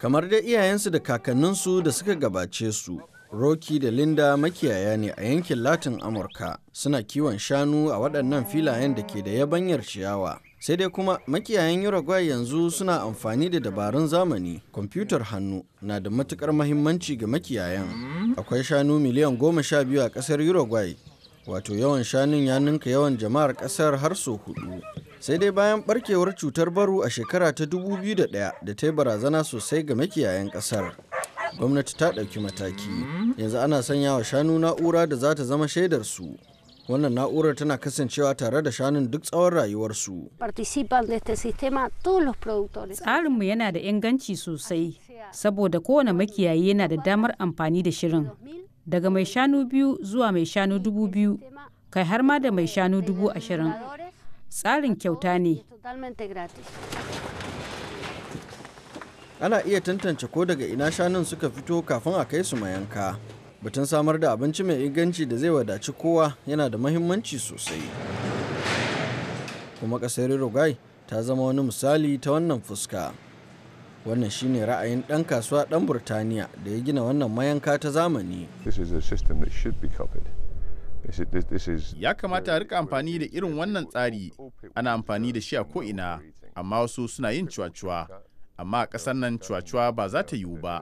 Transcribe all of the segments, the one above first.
Kamar da iyayensu da kakanninsu da suka gabace su, Rocky da Linda makiyaya ne a yankin Latin Amurka, suna kiwon shanu a waɗannan filayen da ke da yabanyar ciyawa. Sai dai kuma makiyayan Uruguay yanzu suna amfani da dabarun zamani, kwamfutar hannu na da matukar mahimmanci ga makiyayan. Akwai shanu miliyan goma sha biyu a ƙasar Uruguay, wato yawan shanun ya ninka yawan jama'ar ƙasar har sau hudu. sai dai bayan barkewar cutar baro a shekara ta 2001 da ta yi barazana sosai ga makiyayen kasar gwamnati ta ɗauki mataki yanzu ana sanya wa shanu na'ura da za ta zama shaidar su wannan na'urar tana kasancewa tare da shanun duk tsawon rayuwarsu. Tsarinmu yana da inganci sosai, saboda kowane makiyayi yana da damar amfani da shirin. Daga mai shanu biyu zuwa mai shanu dubu biyu, kai har ma da mai shanu dubu ashirin. tsarin kyauta ne ana iya tantance ko daga ina shanun suka fito kafin a kai su mayanka batun samar da abinci mai inganci da zai wadaci kowa yana da mahimmanci sosai kuma kasar rogai ta zama wani misali ta wannan fuska wannan shine ra'ayin ɗan kasuwa ɗan burtaniya da ya gina wannan mayanka ta zamani Ya kamata a rika amfani da irin wannan tsari ana amfani da shi a ko'ina, amma wasu suna yin cuwa-cuwa, amma a ƙasar nan cuwa-cuwa ba za ta yiwu ba.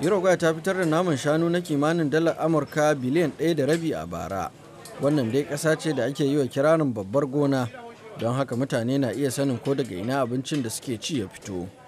Uruguay ta fitar da naman shanu na kimanin dalar Amurka biliyan ɗaya da rabi a bara. Wannan dai ƙasa ce da ake yi wa kiranin babbar gona, don haka mutane na iya sanin ko daga ina abincin da suke ci ya fito.